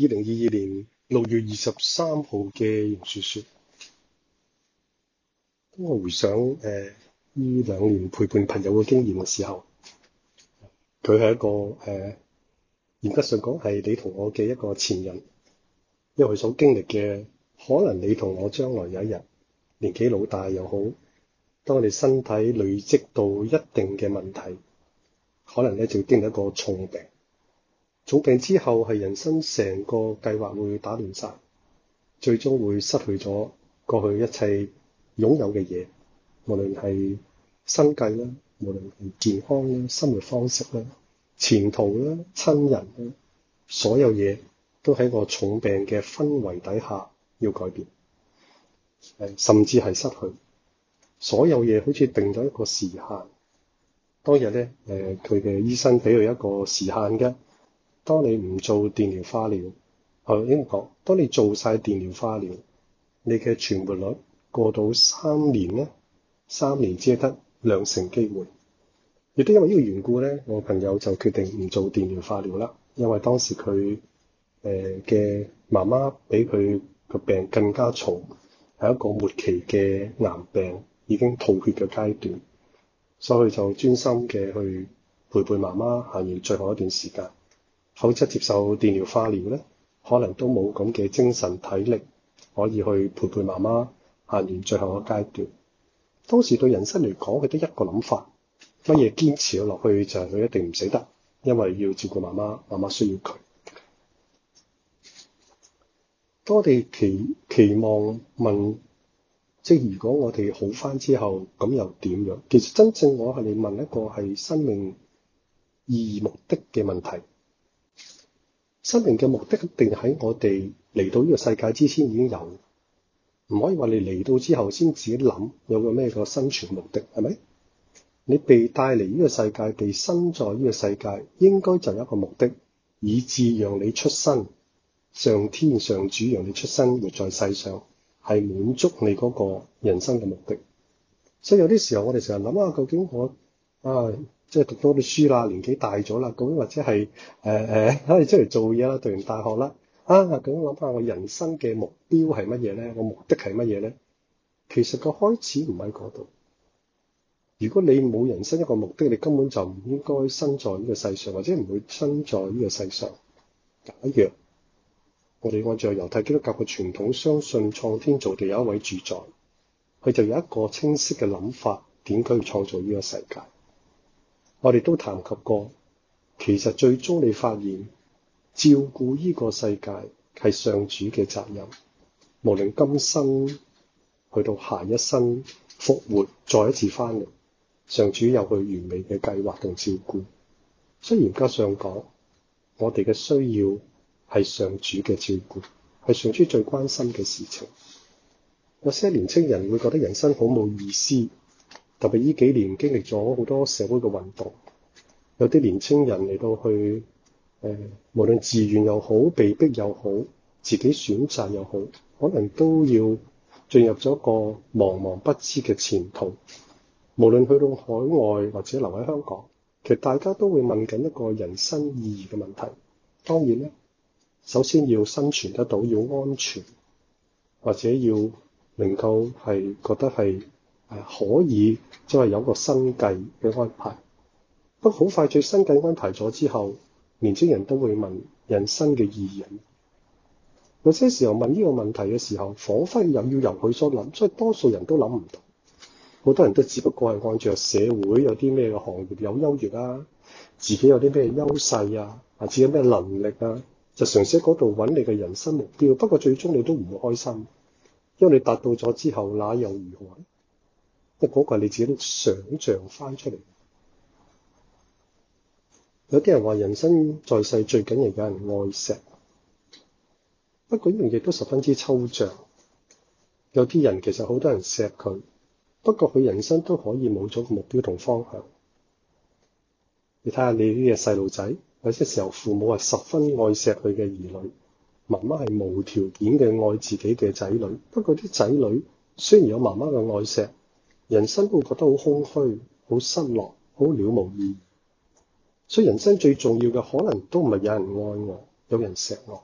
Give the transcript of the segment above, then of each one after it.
二零二二年六月二十三號嘅容雪雪，當我回想誒呢兩年陪伴朋友嘅經驗嘅時候，佢係一個誒嚴格上講係你同我嘅一個前人，因為佢所經歷嘅，可能你同我將來有一日年紀老大又好，當我哋身體累積到一定嘅問題，可能咧就會經歷一個重病。重病之後係人生成個計劃會打亂晒，最終會失去咗過去一切擁有嘅嘢，無論係生計啦，無論係健康啦、生活方式啦、前途啦、親人啦，所有嘢都喺個重病嘅氛圍底下要改變，甚至係失去所有嘢，好似定咗一個時限。當日咧，誒佢嘅醫生俾佢一個時限嘅。當你唔做電療化療，我應該講，當你做晒電療化療，你嘅存活率過到三年咧，三年只係得兩成機會。亦都因為呢個緣故咧，我朋友就決定唔做電療化療啦，因為當時佢誒嘅媽媽比佢個病更加重，係一個末期嘅癌病，已經吐血嘅階段，所以佢就專心嘅去陪伴媽媽行完最後一段時間。否則接受電療化療咧，可能都冇咁嘅精神體力可以去陪陪媽媽行完最後一個階段。當時對人生嚟講，佢得一個諗法，乜嘢堅持落去就係佢一定唔死得，因為要照顧媽媽，媽媽需要佢。多啲期期望問，即係如果我哋好返之後，咁又點樣？其實真正我係你問一個係生命意義目的嘅問題。生命嘅目的定喺我哋嚟到呢個世界之前已經有，唔可以話你嚟到之後先自己諗有個咩個生存目的，係咪？你被帶嚟呢個世界，被生在呢個世界，應該就有一個目的，以至讓你出生，上天上主讓你出生活在世上，係滿足你嗰個人生嘅目的。所以有啲時候我哋成日諗啊，究竟我誒？哎即係讀多啲書啦，年紀大咗啦，咁或者係誒誒，可、呃、以、哎、出嚟做嘢啦，讀完大學啦啊，咁樣諗下我人生嘅目標係乜嘢咧？我目的係乜嘢咧？其實個開始唔喺嗰度。如果你冇人生一個目的，你根本就唔應該生在呢個世上，或者唔會生在呢個世上。假若我哋按照猶太基督教嘅傳統，相信創天造地有一位主宰，佢就有一個清晰嘅諗法，點解要創造呢個世界。我哋都談及過，其實最終你發現照顧依個世界係上主嘅責任。無論今生去到下一生復活，再一次翻嚟，上主有佢完美嘅計劃同照顧。雖然加上講，我哋嘅需要係上主嘅照顧，係上主最關心嘅事情。有些年青人會覺得人生好冇意思。特別呢幾年經歷咗好多社會嘅運動，有啲年青人嚟到去，誒、呃，無論自願又好、被逼又好、自己選擇又好，可能都要進入咗一個茫茫不知嘅前途。無論去到海外或者留喺香港，其實大家都會問緊一個人生意義嘅問題。當然咧，首先要生存得到，要安全，或者要能夠係覺得係。誒，可以就係有個生計嘅安排，不過好快，最新計安排咗之後，年輕人都會問人生嘅意義。有些時候問呢個問題嘅時候，彷彿又要由佢所諗，所以多數人都諗唔到。好多人都只不過係按照社會有啲咩嘅行業有優越啦、啊，自己有啲咩優勢啊，或者有咩能力啊，就嘗試喺嗰度揾你嘅人生目標。不過最終你都唔會開心，因為你達到咗之後，那又如何？即係嗰個係你自己都想象翻出嚟。有啲人話人生在世最緊要有人愛錫，不管呢樣嘢亦都十分之抽象。有啲人其實好多人錫佢，不過佢人生都可以冇咗目標同方向。你睇下你呢啲細路仔有些時候，父母係十分愛錫佢嘅兒女，媽媽係無條件嘅愛自己嘅仔女。不過啲仔女雖然有媽媽嘅愛錫。人生都會覺得好空虛、好失落、好了無意義，所以人生最重要嘅可能都唔係有人愛我、有人錫我，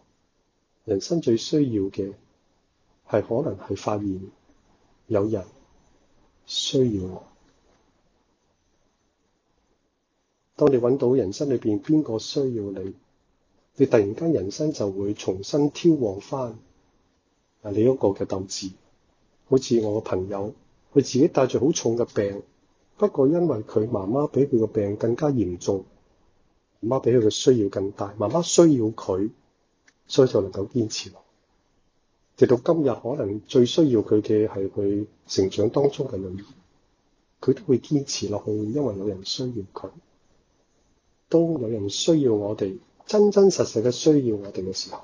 人生最需要嘅係可能係發現有人需要我。當你搵到人生裏邊邊個需要你，你突然間人生就會重新挑旺翻啊，你嗰個嘅鬥志，好似我個朋友。佢自己帶住好重嘅病，不過因為佢媽媽比佢個病更加嚴重，媽媽比佢嘅需要更大，媽媽需要佢，所以就能夠堅持落。直到今日，可能最需要佢嘅係佢成長當中嘅女兒，佢都會堅持落去，因為有人需要佢，當有人需要我哋，真真實實嘅需要我哋嘅時候，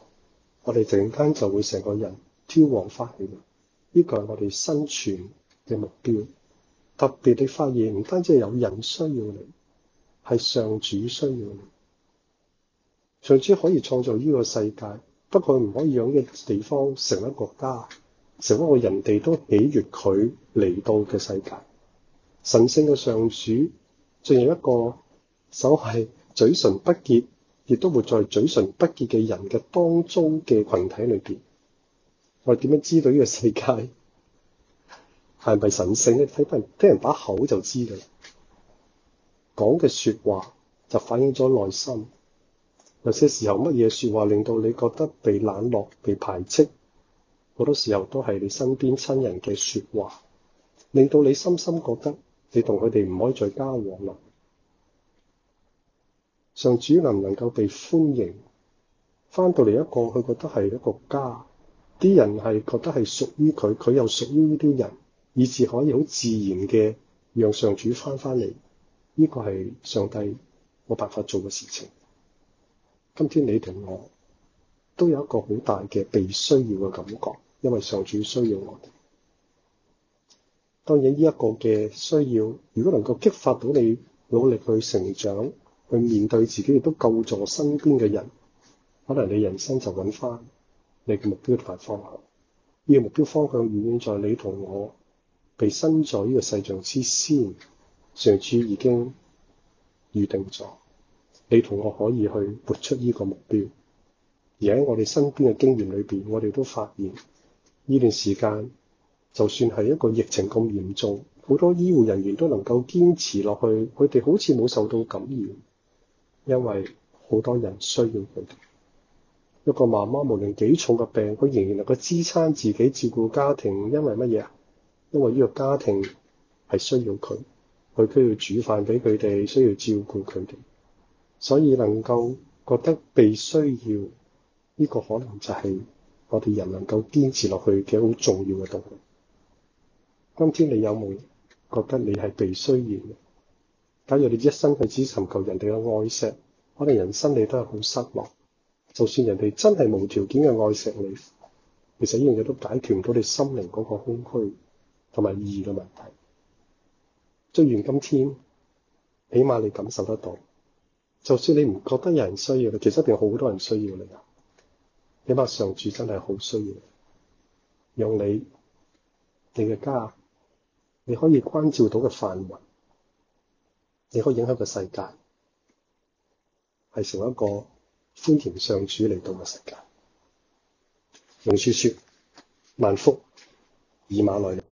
我哋陣間就會成個人挑旺翻起。呢個係我哋生存嘅目標特別，你發現唔單止有人需要你，係上主需要你。上主可以創造呢個世界，不過唔可以樣嘅地方，成一個家，成一個人哋都喜悅佢嚟到嘅世界。神聖嘅上主，仲有一個手係嘴唇不潔，亦都活在嘴唇不潔嘅人嘅當中嘅群體裏邊。我哋點樣知道呢個世界？係咪神聖咧？睇翻聽人把口就知噶啦，講嘅說話就反映咗內心。有些時候，乜嘢說話令到你覺得被冷落、被排斥，好多時候都係你身邊親人嘅說話，令到你深深覺得你同佢哋唔可以再交往啦。上主能唔能夠被歡迎？翻到嚟一個佢覺得係一個家，啲人係覺得係屬於佢，佢又屬於呢啲人。以至可以好自然嘅讓上主翻翻嚟，呢個係上帝冇辦法做嘅事情。今天你同我都有一個好大嘅被需要嘅感覺，因為上主需要我哋。當然呢一個嘅需要，如果能夠激發到你努力去成長，去面對自己，亦都救助身邊嘅人，可能你人生就揾翻你嘅目標同埋方向。呢個目標方向遠遠在你同我，被生在呢個世象之先，上次已經預定咗。你同我可以去活出呢個目標，而喺我哋身邊嘅經驗裏邊，我哋都發現呢段時間，就算係一個疫情咁嚴重，好多醫護人員都能夠堅持落去。佢哋好似冇受到感染，因為好多人需要佢哋。一個媽媽，無論幾重嘅病，佢仍然能夠支撐自己照顧家庭，因為乜嘢啊？因為呢個家庭係需要佢，佢需要煮飯俾佢哋，需要照顧佢哋，所以能夠覺得被需要呢個，可能就係我哋人能夠堅持落去嘅好重要嘅動力。今天你有冇覺得你係被需要？假如你一生去只尋求人哋嘅愛錫，可能人生你都係好失落。就算人哋真係無條件嘅愛錫你，其實呢樣嘢都解決唔到你心靈嗰個空虛。同埋意義嘅問題，做完今天，起碼你感受得到。就算你唔覺得有人需要你，其實一定好多人需要你啊。起碼上主真係好需要你，用你、你嘅家，你可以關照到嘅範圍，你可以影響個世界，係成一個寬田上主嚟到嘅世界。用説説萬福以馬內。